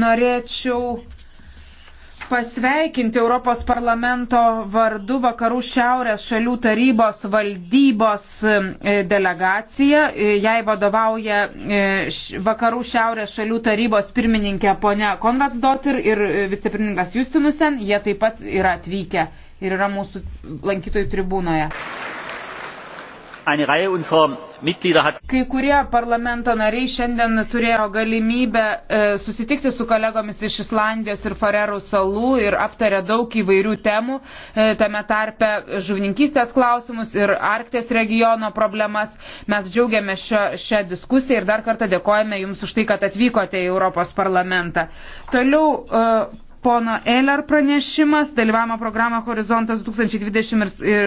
norėčiau pasveikinti Europos parlamento vardu Vakarų Šiaurės šalių tarybos valdybos e, delegaciją. E, jai vadovauja e, Vakarų Šiaurės šalių tarybos pirmininkė ponia Konradsdotir ir vicepirmininkas Justinusen. Jie taip pat yra atvykę ir yra mūsų lankytojų tribūnoje. Kai kurie parlamento nariai šiandien turėjo galimybę e, susitikti su kolegomis iš Islandijos ir Farerų salų ir aptarė daug įvairių temų, e, tame tarpe žuvininkystės klausimus ir Arktės regiono problemas. Mes džiaugiame šio, šią diskusiją ir dar kartą dėkojame Jums už tai, kad atvykote į Europos parlamentą. Toliau e, pono Eller pranešimas, dalyvavimo programą Horizontas 2020 ir